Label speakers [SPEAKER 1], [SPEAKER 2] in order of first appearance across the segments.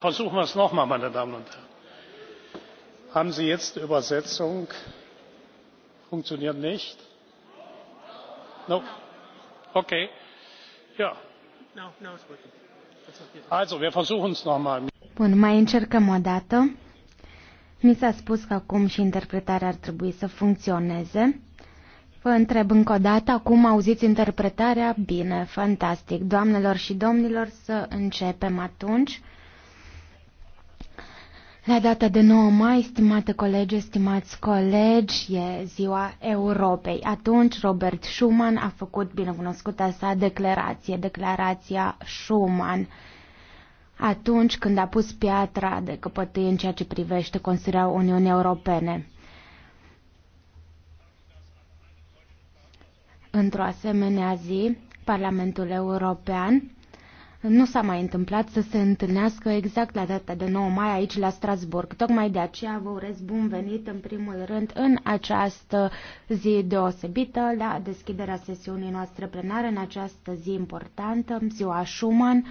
[SPEAKER 1] versuchen wir es noch einmal meine damen und herren. haben sie jetzt übersetzung? funktioniert nicht? okay. also wir versuchen es noch einmal. mai încercăm o dată. Mi s-a spus că acum și interpretarea ar trebui să funcționeze. Vă întreb încă o dată, acum auziți interpretarea? Bine, fantastic. Doamnelor și domnilor, să începem atunci. La data de 9 mai, stimate colegi, stimați colegi, e ziua Europei. Atunci Robert Schuman a făcut binecunoscuta sa declarație, declarația Schuman. Atunci când a pus piatra de căpătâi în ceea ce privește construirea Uniunii Europene. Într-o asemenea zi, Parlamentul European nu s-a mai întâmplat să se întâlnească exact la data de 9 mai aici la Strasburg. Tocmai de aceea vă urez bun venit în primul rând în această zi deosebită la deschiderea sesiunii noastre plenare, în această zi importantă, ziua Schumann,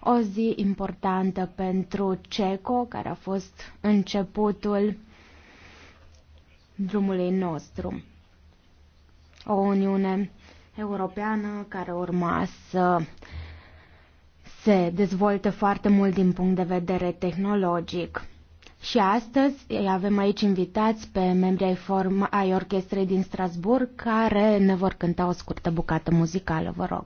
[SPEAKER 1] o zi importantă pentru CECO, care a fost începutul drumului nostru. O Uniune Europeană care urma să uh, se dezvoltă foarte mult din punct de vedere tehnologic. Și astăzi avem aici invitați pe membrii ai, ai orchestrei din Strasburg care ne vor cânta o scurtă bucată muzicală, vă rog.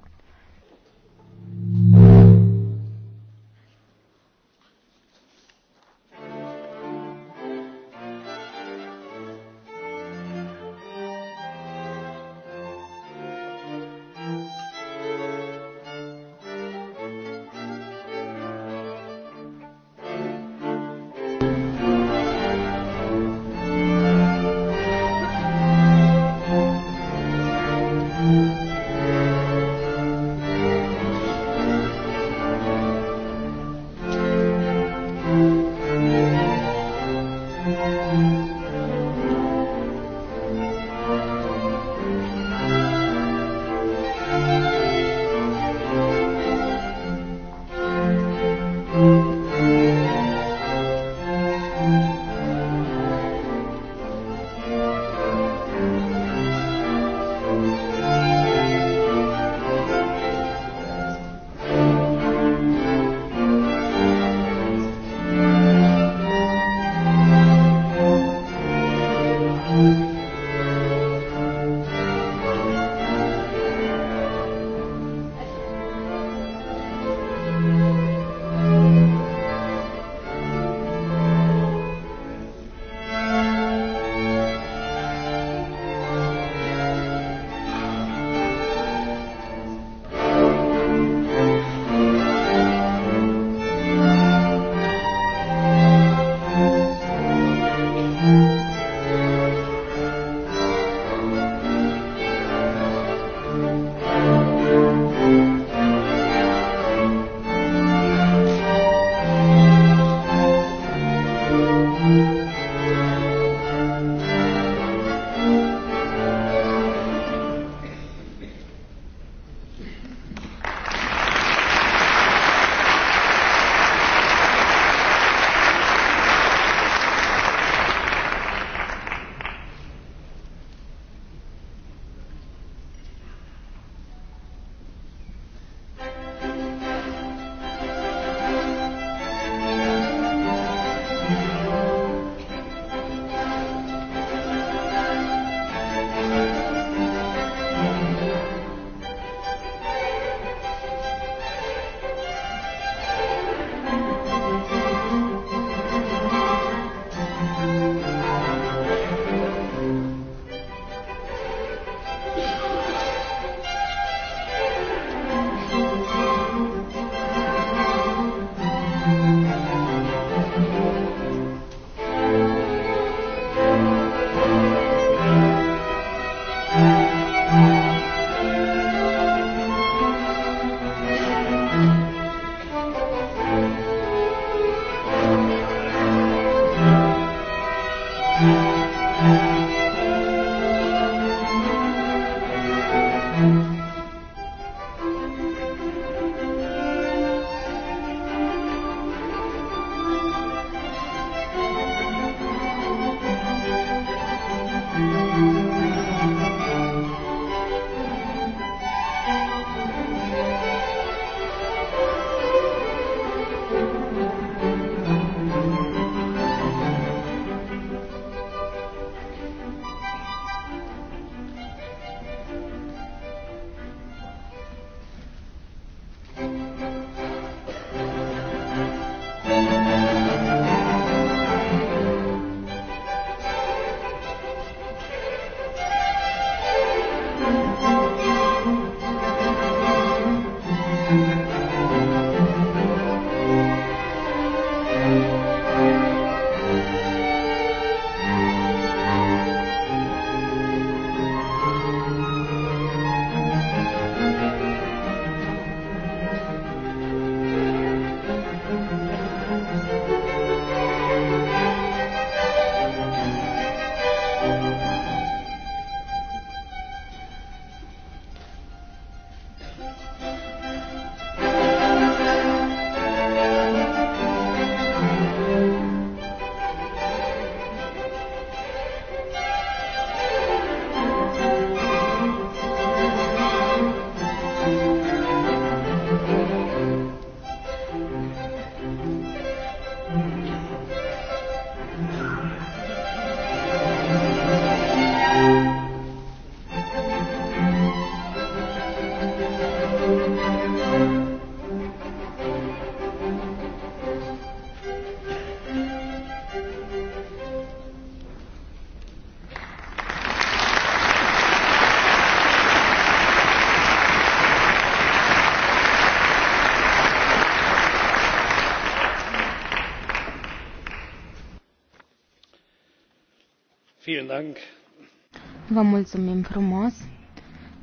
[SPEAKER 1] Vă mulțumim frumos.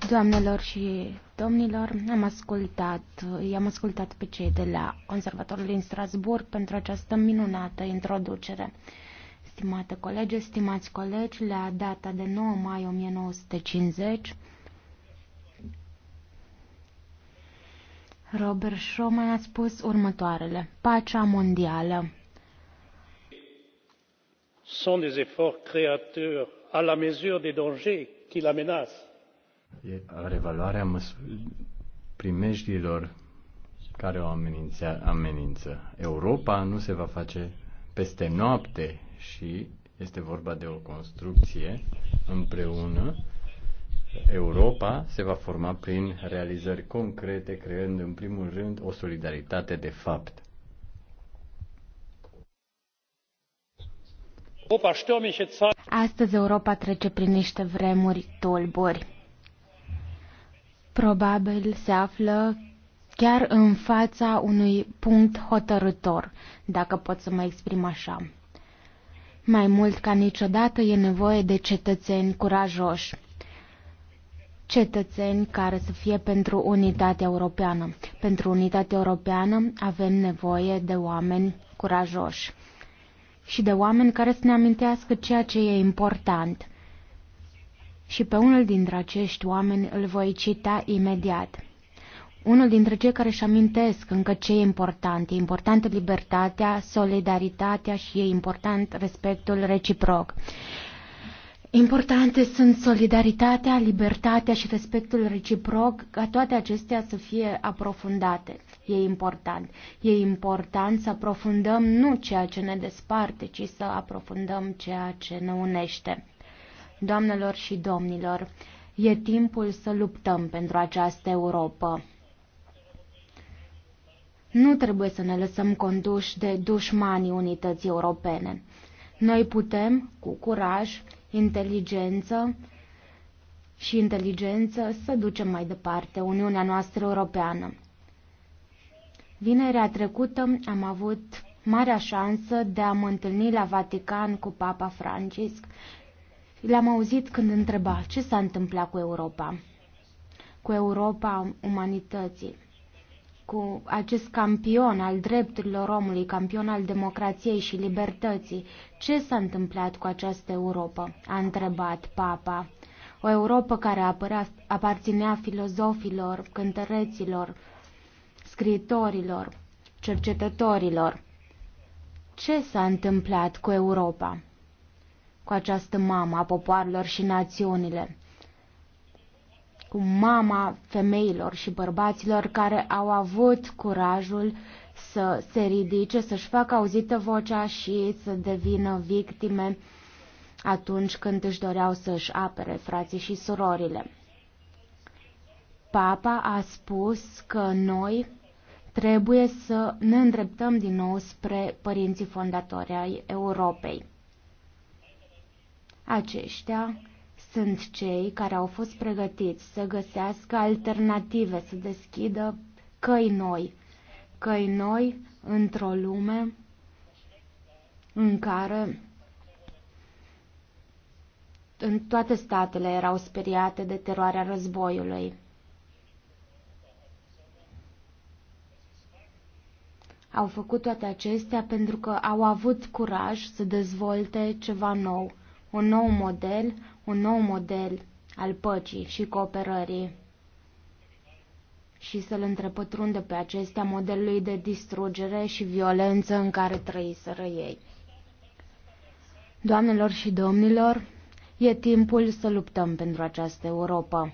[SPEAKER 1] Doamnelor și domnilor, am ascultat, i-am ascultat pe cei de la Conservatorul din Strasburg pentru această minunată introducere. Stimate colegi, stimați colegi, la data de 9 mai 1950, Robert Schuman a spus următoarele. Pacea mondială sont des efforts créateurs à la mesure des dangers qui la menacent. E primejdiilor care o amenință, amenință. Europa nu se va face peste noapte și este vorba de o construcție împreună. Europa se va forma prin realizări concrete, creând în primul rând o solidaritate de fapt. Astăzi Europa trece prin niște vremuri tulburi. Probabil se află chiar în fața unui punct hotărător, dacă pot să mă exprim așa. Mai mult ca niciodată e nevoie de cetățeni curajoși, cetățeni care să fie pentru unitatea europeană. Pentru unitatea europeană avem nevoie de oameni curajoși și de oameni care să ne amintească ceea ce e important. Și pe unul dintre acești oameni îl voi cita imediat. Unul dintre cei care își amintesc încă ce e important. E importantă libertatea, solidaritatea și e important respectul reciproc. Importante sunt solidaritatea, libertatea și respectul reciproc, ca toate acestea să fie aprofundate e important. E important să aprofundăm nu ceea ce ne desparte, ci să aprofundăm ceea ce ne unește. Doamnelor și domnilor, e timpul să luptăm pentru această Europa. Nu trebuie să ne lăsăm conduși de dușmanii unității europene. Noi putem, cu curaj, inteligență și inteligență, să ducem mai departe Uniunea noastră europeană. Vinerea trecută am avut marea șansă de a mă întâlni la Vatican cu Papa Francisc. L-am auzit când întreba ce s-a întâmplat cu Europa, cu Europa umanității, cu acest campion al drepturilor omului, campion al democrației și libertății. Ce s-a întâmplat cu această Europa? a întrebat Papa. O Europa care apărea, aparținea filozofilor, cântăreților, scriitorilor, cercetătorilor. Ce s-a întâmplat cu Europa? Cu această mamă a popoarelor și națiunile? Cu mama femeilor și bărbaților care au avut curajul să se ridice, să-și facă auzită vocea și să devină victime atunci când își doreau să-și apere frații și surorile. Papa a spus că noi, Trebuie să ne îndreptăm din nou spre părinții fondatori ai Europei. Aceștia sunt cei care au fost pregătiți să găsească alternative, să deschidă căi noi, căi noi într-o lume în care în toate statele erau speriate de teroarea războiului. Au făcut toate acestea pentru că au avut curaj să dezvolte ceva nou, un nou model, un nou model al păcii și cooperării și să-l întrepătrundă pe acestea modelului de distrugere și violență în care trăiseră ei. Doamnelor și domnilor, e timpul să luptăm pentru această Europa.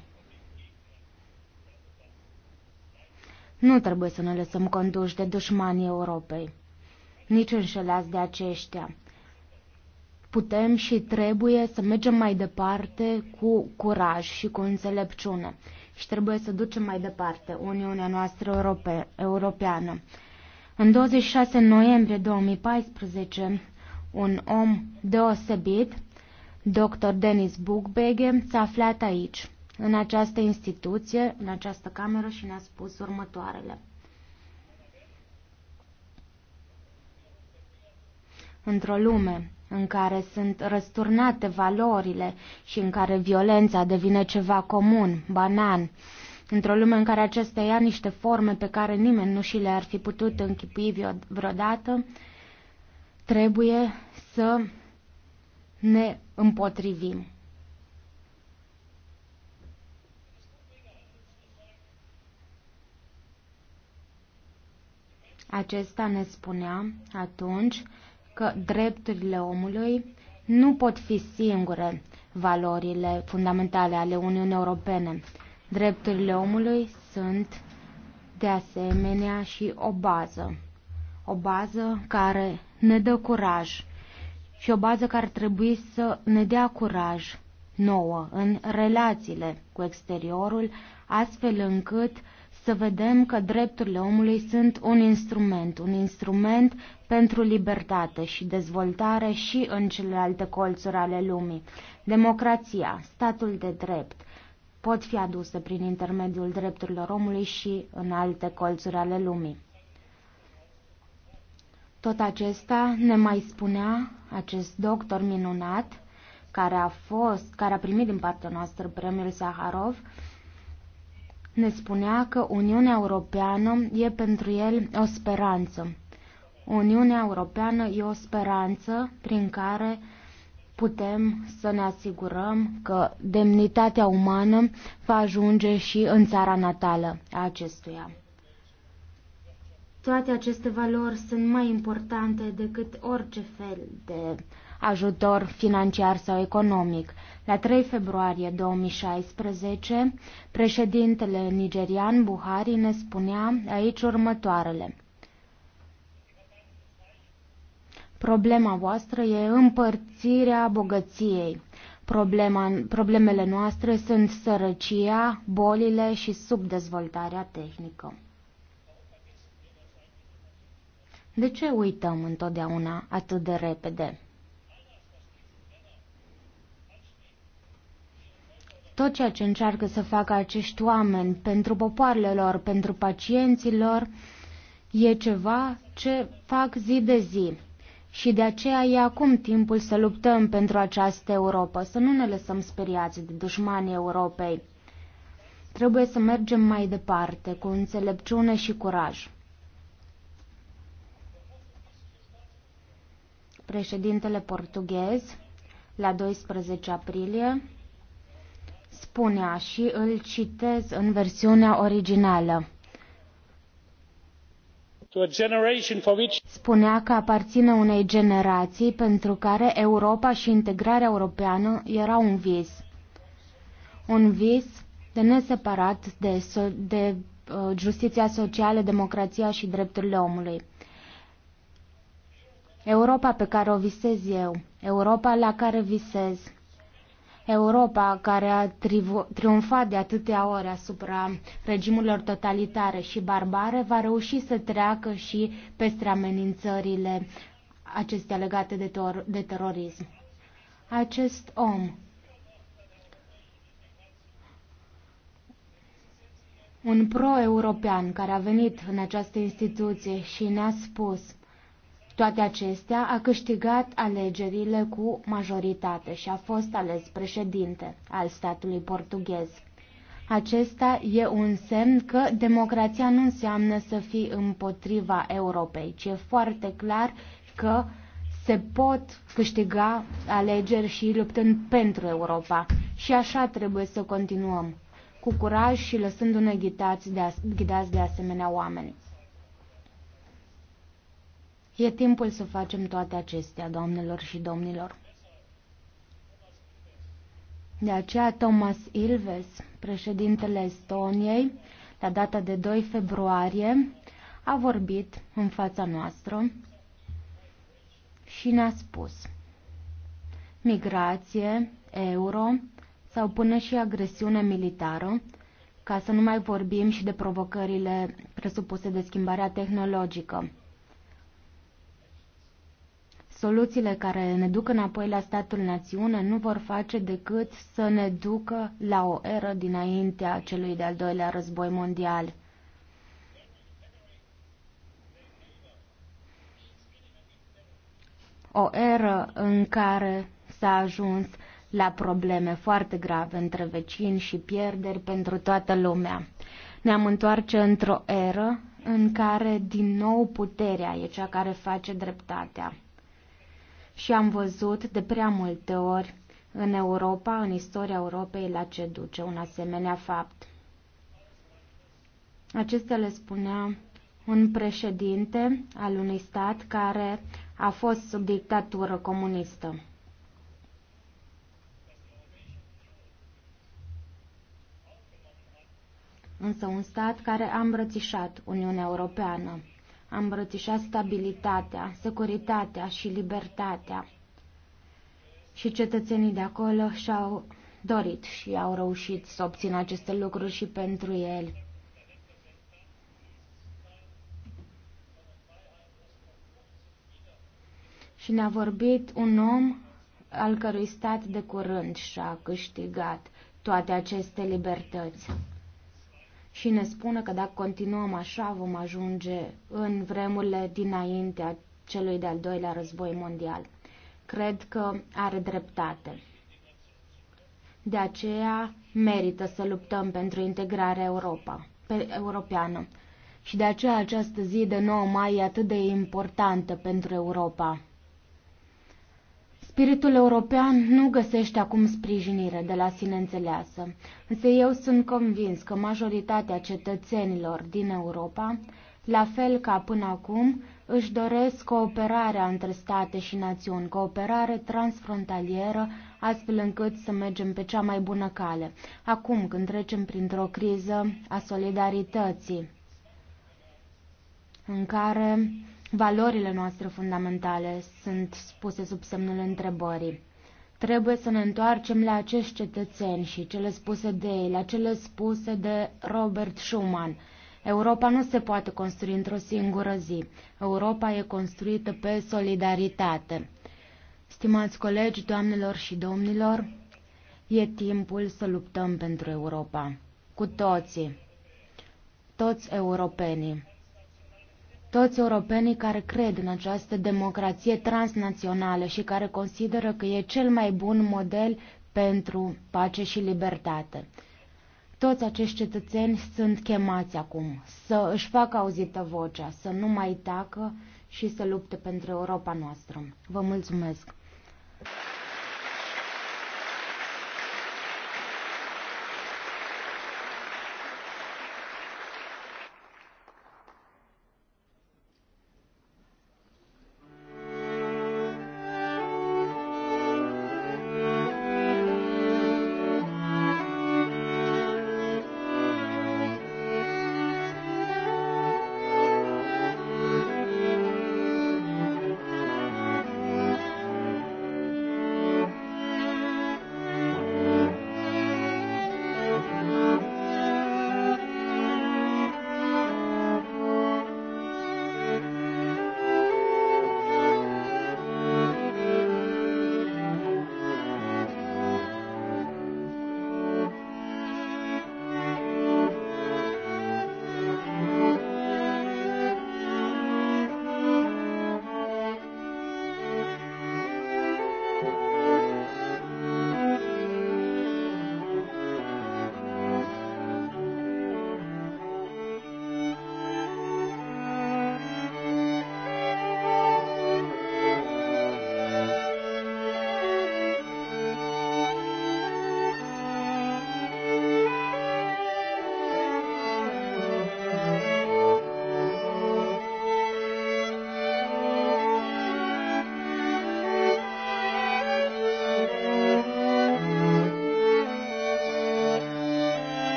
[SPEAKER 1] Nu trebuie să ne lăsăm conduși de dușmanii Europei, nici înșelați de aceștia. Putem și trebuie să mergem mai departe cu curaj și cu înțelepciune și trebuie să ducem mai departe Uniunea noastră Europe, europeană. În 26 noiembrie 2014, un om deosebit, dr. Denis Bugbege, s-a aflat aici în această instituție, în această cameră și ne-a spus următoarele. Într-o lume în care sunt răsturnate valorile și în care violența devine ceva comun, banan, într-o lume în care acestea ia niște forme pe care nimeni nu și le-ar fi putut închipui vreodată, trebuie să ne împotrivim. Acesta ne spunea atunci că drepturile omului nu pot fi singure valorile fundamentale ale Uniunii Europene. Drepturile omului sunt de asemenea și o bază. O bază care ne dă curaj și o bază care trebuie să ne dea curaj nouă în relațiile cu exteriorul, astfel încât să vedem că drepturile omului sunt un instrument, un instrument pentru libertate și dezvoltare și în celelalte colțuri ale lumii. Democrația, statul de drept pot fi aduse prin intermediul drepturilor omului și în alte colțuri ale lumii. Tot acesta ne mai spunea acest doctor minunat, care a fost, care a primit din partea noastră premiul Saharov, ne spunea că Uniunea Europeană e pentru el o speranță. Uniunea Europeană e o speranță prin care putem să ne asigurăm că demnitatea umană va ajunge și în țara natală a acestuia. Toate aceste valori sunt mai importante decât orice fel de ajutor financiar sau economic. La 3 februarie 2016, președintele nigerian Buhari ne spunea aici următoarele. Problema voastră e împărțirea bogăției. Problema, problemele noastre sunt sărăcia, bolile și subdezvoltarea tehnică. De ce uităm întotdeauna atât de repede? Tot ceea ce încearcă să facă acești oameni pentru popoarele lor, pentru pacienții lor, e ceva ce fac zi de zi. Și de aceea e acum timpul să luptăm pentru această Europa, să nu ne lăsăm speriați de dușmanii Europei. Trebuie să mergem mai departe, cu înțelepciune și curaj. Președintele portughez, la 12 aprilie, spunea și îl citez în versiunea originală. Spunea că aparține unei generații pentru care Europa și integrarea europeană era un vis. Un vis de neseparat de, so- de uh, justiția socială, democrația și drepturile omului. Europa pe care o visez eu, Europa la care visez, Europa, care a triumfat de atâtea ori asupra regimurilor totalitare și barbare, va reuși să treacă și peste amenințările acestea legate de, ter- de terorism. Acest om, un pro-european care a venit în această instituție și ne-a spus – toate acestea, a câștigat alegerile cu majoritate și a fost ales președinte al statului portughez. Acesta e un semn că democrația nu înseamnă să fii împotriva Europei, ci e foarte clar că se pot câștiga alegeri și luptând pentru Europa. Și așa trebuie să continuăm, cu curaj și lăsându-ne ghidați de, de asemenea oameni. E timpul să facem toate acestea, doamnelor și domnilor. De aceea Thomas Ilves, președintele Estoniei, la data de 2 februarie, a vorbit în fața noastră și ne-a spus migrație, euro sau până și agresiune militară, ca să nu mai vorbim și de provocările presupuse de schimbarea tehnologică. Soluțiile care ne duc înapoi la statul națiune nu vor face decât să ne ducă la o eră dinaintea celui de-al doilea război mondial. O eră în care s-a ajuns la probleme foarte grave între vecini și pierderi pentru toată lumea. Ne-am întoarce într-o eră în care din nou puterea e cea care face dreptatea și am văzut de prea multe ori în Europa, în istoria Europei, la ce duce un asemenea fapt. Acestea le spunea un președinte al unui stat care a fost sub dictatură comunistă. Însă un stat care a îmbrățișat Uniunea Europeană a îmbrățișa stabilitatea, securitatea și libertatea. Și cetățenii de acolo și-au dorit și au reușit să obțină aceste lucruri și pentru el. Și ne-a vorbit un om al cărui stat de curând și-a câștigat toate aceste libertăți și ne spună că dacă continuăm așa vom ajunge în vremurile dinaintea celui de-al doilea război mondial. Cred că are dreptate. De aceea merită să luptăm pentru integrarea Europa, pe, europeană. Și de aceea această zi de 9 mai e atât de importantă pentru Europa. Spiritul european nu găsește acum sprijinire de la sine înțeleasă, însă eu sunt convins că majoritatea cetățenilor din Europa, la fel ca până acum, își doresc cooperarea între state și națiuni, cooperare transfrontalieră, astfel încât să mergem pe cea mai bună cale, acum când trecem printr-o criză a solidarității, în care Valorile noastre fundamentale sunt spuse sub semnul întrebării. Trebuie să ne întoarcem la acești cetățeni și cele spuse de ei, la cele spuse de Robert Schuman. Europa nu se poate construi într-o singură zi. Europa e construită pe solidaritate. Stimați colegi, doamnelor și domnilor, e timpul să luptăm pentru Europa. Cu toții. Toți europenii toți europenii care cred în această democrație transnațională și care consideră că e cel mai bun model pentru pace și libertate. Toți acești cetățeni sunt chemați acum să își facă auzită vocea, să nu mai tacă și să lupte pentru Europa noastră. Vă mulțumesc!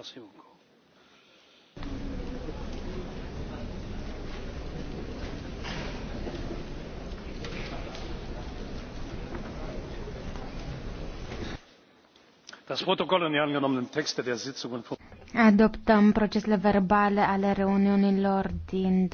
[SPEAKER 1] Merci beaucoup. Adoptăm procesele verbale ale reuniunilor din